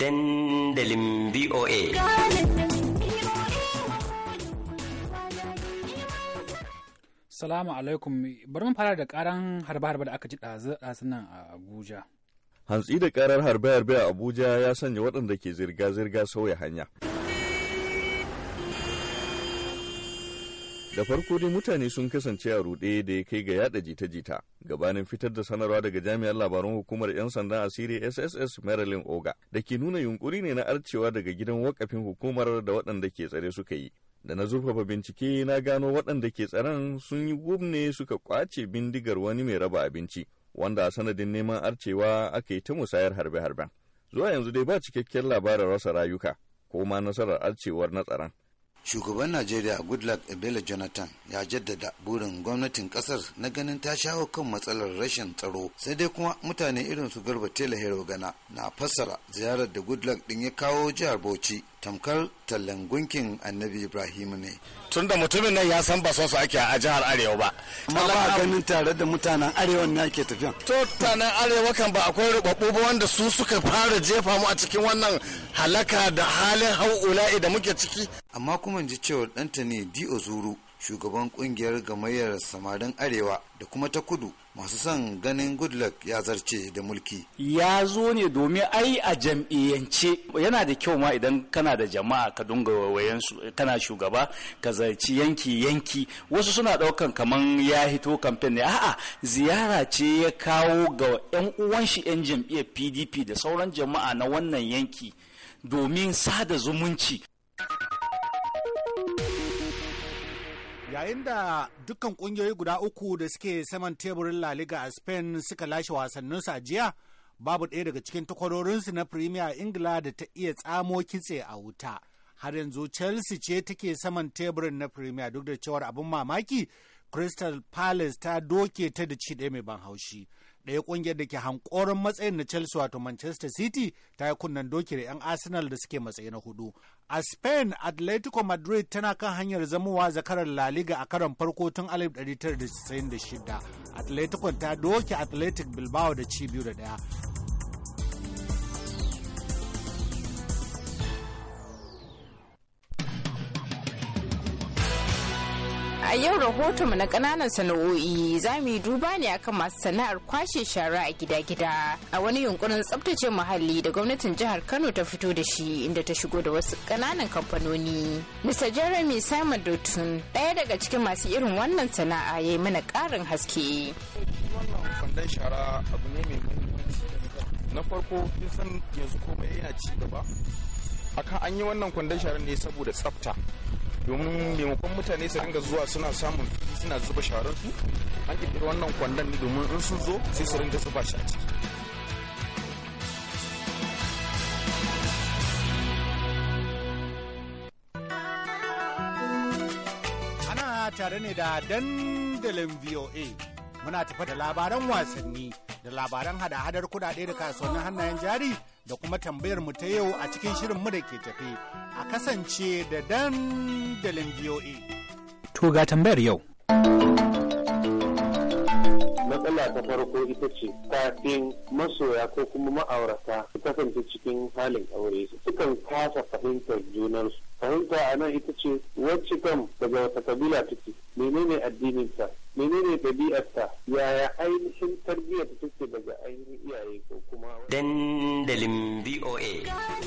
dandalin VOA. Salamu alaikum, bari mu fara da karan harbe-harbe da aka ji ɗazu nan a Abuja. Hantsi da karar harbe-harbe a Abuja ya sanya waɗanda ke zirga-zirga sauya hanya. Da farko dai mutane sun kasance a ruɗe da ya kai ga yada jita-jita gabanin fitar da sanarwa daga jami'ar labaran hukumar 'yan sandan asiri SSS Marilyn Oga da ke nuna yunkuri ne na arcewa daga gidan wakafin hukumar da waɗanda ke tsare suka yi. Da na zurfafa bincike na gano waɗanda ke tsaren sun yi gubne suka kwace bindigar wani mai raba abinci wanda a sanadin neman arcewa aka yi ta musayar harbe-harben. Zuwa yanzu dai ba cikakken labarin rasa rayuka ko ma nasarar arcewar na tsaron. shugaban najeriya goodluck ebele jonathan ya jaddada burin gwamnatin kasar na ganin ta shawo kan matsalar rashin tsaro sai dai kuma mutane irin su garba tela herogana na fassara ziyarar da goodluck din ya kawo jihar bauchi tamkar tallan gunkin annabi ibrahim ne tun mutumin nan ya san ba su ake a jihar arewa ba amma ba ganin tare da mutanen arewa ne ake tafiya to mutanen arewa kan ba akwai rubabbu ba wanda su suka fara jefa mu a cikin wannan halaka da halin hau'ula'i da muke ciki amma kuma ji cewa ta ne di ozuru shugaban kungiyar gamayyar samarin arewa da kuma ta kudu masu son ganin goodluck ya zarce da mulki ya zo ne domin ai a jam'iyyance yana da kyau ma idan kana da jama'a ka dunga wayan kana shugaba ka zarci yanki yanki wasu suna daukan kamar ya hito kamfen ne a'a ziyara ce ya kawo ga yan uwan shi yan jam'iyyar pdp da sauran jama'a na wannan yanki domin sada zumunci Yayin da dukkan kungiyoyi guda uku da suke saman teburin La Liga a Spain suka lashe wasanninsu a jiya, babu ɗaya daga cikin takwarorinsu na Premier Ingila da ta iya tsamo kitse a wuta. Har yanzu Chelsea ce take saman teburin na Premier duk da cewar abin mamaki Crystal Palace ta doke ta da ci ɗaya mai ban haushi. ɗaya ƙungiyar da ke hankoron matsayin na Chelsea wato Manchester City ta yi kunnen doki da 'yan Arsenal da suke matsayi na hudu. A Spain, Atletico Madrid tana kan hanyar zamowa zakarar La Liga a karon farko tun 1996. Atletico ta doke Athletic Bilbao da ci biyu da ɗaya. a yau rahotonmu na kananan sana'o'i za mu yi duba ne akan masu sana'ar kwashe shara a gida-gida a wani yunkurin tsabtace muhalli da gwamnatin jihar Kano ta fito da shi inda ta shigo da wasu kananan kamfanoni. Mr. Jeremy Simon dutton ɗaya daga cikin masu irin wannan sana'a ya yi mana ƙarin haske. na farko kin san yanzu komai yana ci gaba akan an yi wannan kwandon shara ne saboda tsafta domin maimakon mutane su ringa zuwa suna samun suna zuba sharar su an kirkiri wannan kwandon ne domin in sun zo sai su ringa zuba shi a ciki ana tare ne da dandalin voa muna tafa da labaran wasanni da labaran hada-hadar kudade da kasuwannin hannayen jari da kuma tambayar mu ta yau a cikin shirin mu da ke tafi a kasance da dandalin VOA. To ga tambayar yau. matsala ta farko ita ce kafin masoya ko kuma ma'aurata su kasance cikin halin aure sukan kasa fahimtar junansu fahimta a nan ita ce wacce kan daga wata kabila take menene addininta menene ɗabi'arta yaya ainihin tarbiyyar take daga ainihin iyaye ko kuma dandalin voa